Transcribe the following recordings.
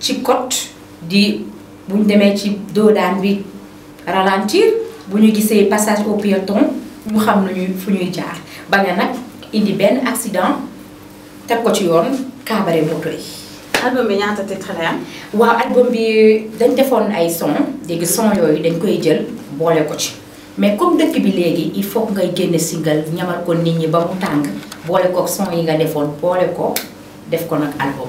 ci côte di buñu démé ci doodaan bi ralentir buñu gissé passage au piéton ñu xam nañu fu ñuy jaar ba nga nag indi ben accident teg ko ci yoon cabaret moto yi. album bi ñaata titre la am. waaw album bi dañ defoon ay son dég son yooyu dañ koy jël bolé ko ci mais comme dëkk bi légui il faut ngay génne single ñamar ko nit ñi ba mu tàng boole ko son yi nga defoon bolé ko def ko nak album.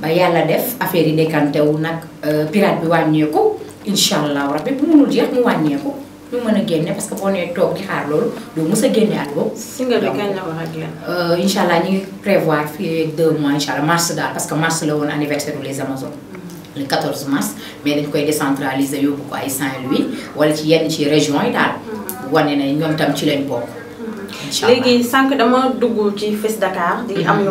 ba yàlla def affaire yi décanté wu nag euh, pirate bi wàññeeku incha allah rabbi bu munul jeex mu wàññeeku ñu mën a génne parce que boo nee toog di xaar loolu doo mës a génne at boobu. la euh, allah ñu ngi prévoir fii deux mois incha allah mars daal parce que mars la woon anniversaire les amazones. Mm. le 14 mars mais dañ koy décentraliser yóbbu ko ay Saint-Louis wala ci yenn ci région yi daal. Mm. wane na ñoom tam ci lañ bokk. Mm. léegi sànq dama dugg ci Fes Dakar. di mm-hmm. am ñu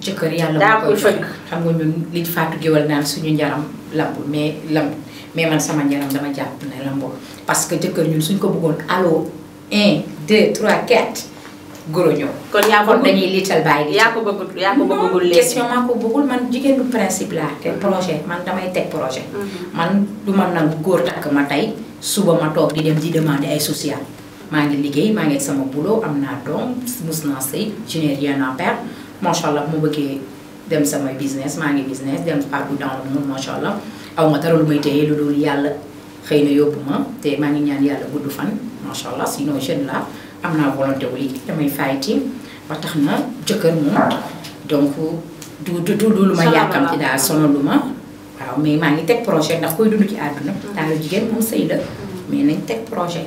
jëkkër yàlla daa koy xam nga ñun liñ faatu géwal naan suñu njaram lamb mais lamb mais man sama njaram dama jàpp ne lamboo parce que jëkkër ñun suñ ko bëggoon allo góor ñëw kon yaa ko dañuy liital bàyyi yaa ko bëggul yaa ko bëggul léegi question man jigéen principe laa te mm-hmm. projet man damay teg projet mm-hmm. man du man nag góor takk ma tey suba ma toog di dem di demander ay social maa ngi liggéey maa ngi sama boulot am naa doom mus naa sëy je n'ai macha allah mu bëggee dem samay business maa ngi business dem partout dans le monde macha allah aw ma dara lu may téye lu dul yàlla xëy na yóbbu ma te maa ngi ñaan yàlla gudd fan macha allah sinon jeune la am naa volonté wu liggéey damay fayti ba tax na jëkkër moom donc du du du lu ma yàkkamti daal lu ma waaw mais maa ngi teg projet ndax koy dund ci àdduna. daal mm. jigéen moom sëy la mm. mais nañ teg projet.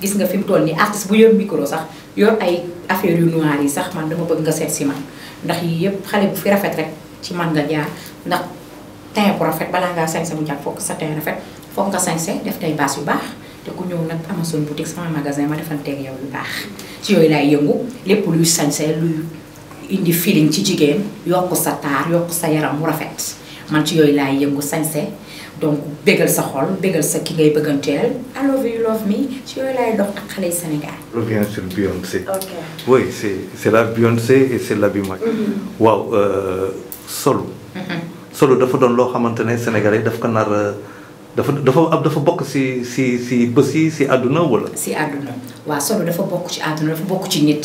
gis nga fim mu toll nii artiste bu yor micro sax yor ay affaire yu noir yi sax man dama bëgg nga seet si man ndax yii yëpp xale bu fi rafet rek ci man nga jaar ndax teint bu rafet balaa ngaa sañse bu jàpp fokk sa teint rafet fokk nga sañse def tay bass yu baax te ku ñëw nag Amazon boutique sama magasin ma defanteeg yow yu baax ci yooyu lay yëngu lépp luy luy indi feeling ci jigéen yokk sa taar yokk sa yaram mu rafet man ci yooyu lay yëngu donc bégal sa xol bégal sa ki ngay bëgganteel I love you love me ci yooyu laay dox ak xale yi Sénégal. revient sur Beyoncé. ok oui c'est, c'est la Beyoncé et c'est la l' Abi Mag. Mm-hmm. waaw euh, solo. Mm-hmm. solo dafa doon loo xamante ne sénégalais daf ko nar euh, dafa dafa dafa bokk si si si bés yi si àdduna wala. si àdduna waaw solo dafa bokk ci àdduna dafa bokk ci nit.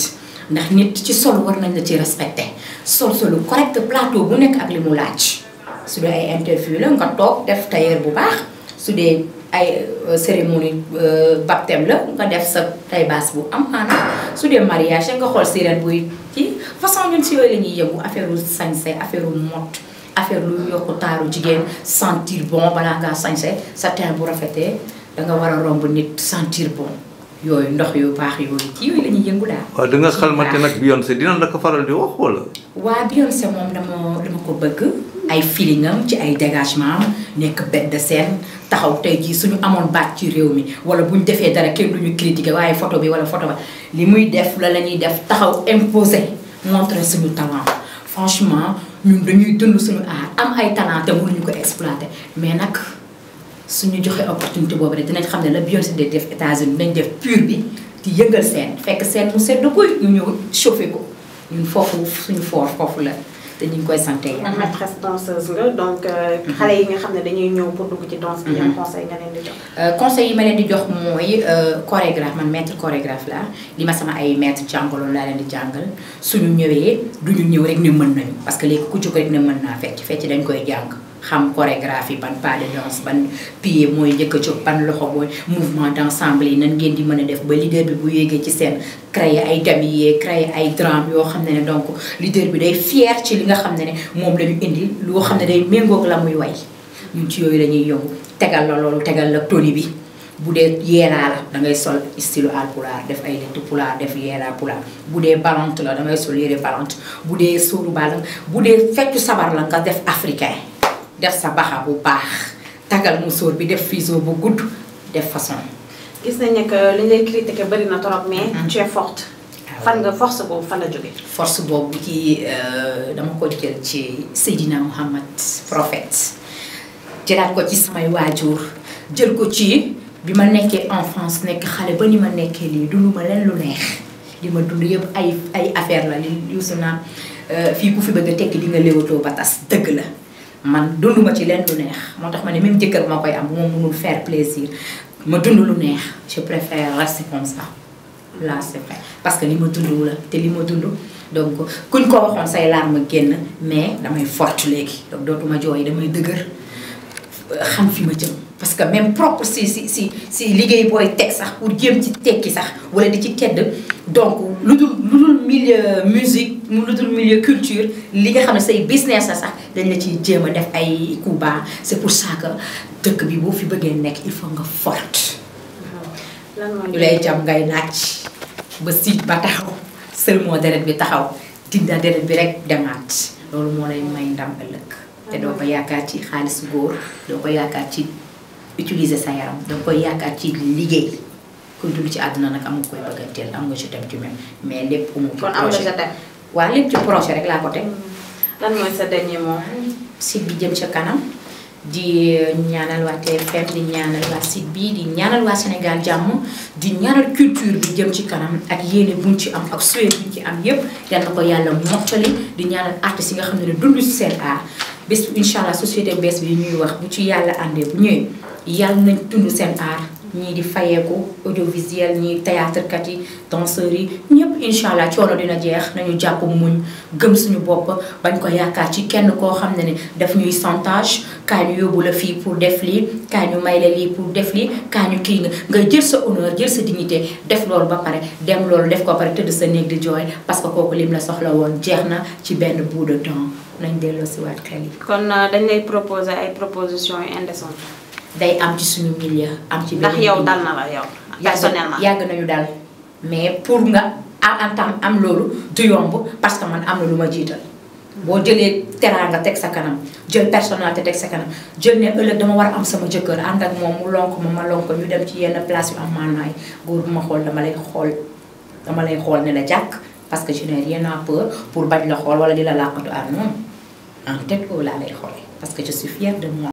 ndax nit ci solo war nañ la ci respecté sol solo correct plateau bu nekk ak li mu laaj. su dee ay interview la nga toog def tailleur bu baax su dee ay euh, cérémonie euh, baptême la nga def sa tay baas bu am maanaam su dee mariage nga xool sirène buy ci façon ñun si yooyu la ñuy yëngu affaire u sañse affaire u mot affaire lu taaru jigéen sentir bon balaa ngaa sañse sa teint bu rafetee danga war a romb nit sentir bon yooyu ndox yu baax yooyu ci yooyu la ñuy yëngu daal. waaw da nga xalmate nag Beyoncé dina la ko faral di wax wala. waa Beyoncé moom dama dama ko bëgg. ay feeling am ci ay dégagement nek nekk bête de scène taxaw tay ji suñu amone baat ci réew mi wala bu défé dara kenn duñu critiquer waye photo bi wala photo ba li muy def la lañuy def taxaw imposer montrer suñu talent franchement ñun dañuy dund suñu aar am ay talent te mënuñu ko exploiter mais nak suñu joxé opportunité bobu rek dinañ xamné la Beyoncé de def États-Unis dañ def pur bi di yëngal seen fekk seen mu sedd koy ñu ñëw chauffé ko ñun foofu suñu foor foofu la te ñu ngi koy sant yàlla. maîtresse danseuse nga donc euh, mhm. xale yi nga xam ne dañuy ñëw pour dugg ci danse bi. yan mhm. conseil nga leen di jox. Euh, conseil yi ma leen di jox mooy euh, chorégraphe man maître chorégraphe la li ma sama ay maître jàngaloon laa leen di jàngal suñu ñëwee duñu ñëw rek ne mën nañu parce que léegi ku jóg rek ne mën naa fecc fecc dañ koy jàng. xam chorégraphie ban pas de danse ban pie mooy njëkk a ban loxo mooy mouvement d' ensemble yi nan ngeen di mën a def ba leader bi bu yéegee ci seen créer ay tablier créer ay drame yoo xam ne ne donc leader bi day fier ci li nga xam ne ne moom la ñu indi loo xam ne day méngoog la muy way ñun ci yooyu dañuy ñuy yëngu tegal la loolu tegal la toni bi bu dee yeelaa la da ngay sol style alpulaar def ay lettu pulaar def yeelaa pulaar bu dee balante la da sol yére balante bu dee sóoru bu dee feccu sabar la def africain def sa baxa bu baax tagal musóor bi def fiso bu gudd def façon. gis nañu que li ñu lay critiqué bari na trop mais mm-hmm. tu forte. Ah fan nga force boobu fan la jógee. force boobu kii euh, dama ko jël ci Seydina Muhammad prophète jëlaat ko ci samay waajur jël ko ci bi ma nekkee enfance nekk xale ba ni ma nekkee lii dund ma leen lu neex li ma dund yëpp ay ay affaire la li Youssou naan euh, fii ku fi bëgg a tekki di nga léewatoo dëgg la. man dunduma ci lenn lu neex moo tax ma ne même jëkkër ma koy am bu mënul faire plaisir ma dund lu neex je préfère rester comme ça là c'est vrai parce que li ma dund la te li ma dund donc kuñ ko waxoon say larmes génn mais damay forte léegi donc dootuma jooy damay dëgër xam fi ma jëm. parce que même propre si si si si liggéey booy teg sax pour jéem ci tekki sax wala di ci kedd donc lu dul lu dul milieu musique lu dul milieu culture li nga xam ne say business sax dañ la ciy jéem a def ay coups bas c'est pour ça dëkk bi boo fi bëggee nekk il faut nga forte ñu lay jam ngay naaj ba siit ba taxaw deret bi taxaw dinda deret bi rek demaat loolu moo lay may ndam ëllëg te doo ko yaakaar ci xaalis góor doo ko yaakaar ci utiliser sa yaram da nga koy yaakaar ci liggéey kuy dugg ci aduna nak amul koy bëgganteel am nga ci tam ci même mais lepp amul. kon am nga jotam wa lepp ci projet rek la ko teg. Hmm. lan mooy sa dernier mot. si bi jëm ci kanam euh, di ñaanal waa TFM di ñaanal wa site bi di ñaanal wa Sénégal jamm di ñaanal culture bi jëm ci kanam ak yene buñ ci am ak souhait bi ci am yépp yalla ko yalla moxtali di ñaanal artistes yi nga xam ne ci sen art bés inshallah société bees bi ñuy wax bu ci yalla andé bu ñëwee yàlla nañ dund seen aar ñii di fayeeku audiovisuel ñii théâtre kat yi danseurs yi ñëpp incha allah coono dina jeex nañu jàpp muñ gëm suñu bopp bañ ko yaakaar ci kenn koo xam ne ne daf ñuy santage kaay ñu yóbbu la fii pour def lii kaay ñu may la lii pour def lii kaay ñu kii nga nga jël sa honneur jël sa dignité def loolu ba pare dem loolu def ko ba pare tëdd sa néeg di jooy parce que kooku lim la soxla woon jeex na ci benn bout de temps nañ delloo si waat xel yi. kon euh, dañ lay proposer ay propositions indécentes. day am ci suñu milieu am ci ndax yow dal na la yow personnellement yag nañu dal mais pour nga am tam am lolu du yomb parce que man am na luma jital bo jëlé jëlee teranga tek sa kanam jël personnalité tek sa kanam jël né ëlëk dama wara am sama jëkkeur and ak mom mu lonk ma ma lonk ñu dem ci yenn place yu am manay goor bu ma xol dama lay xol dama lay xol né la jàkk parce que je n'ai rien à peur pour bañ la xol wala di la làqatu ah non en tête ko la lay xol parce que je suis fière de moi